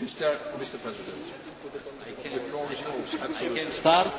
Mr. Mr. President, the floor I can start.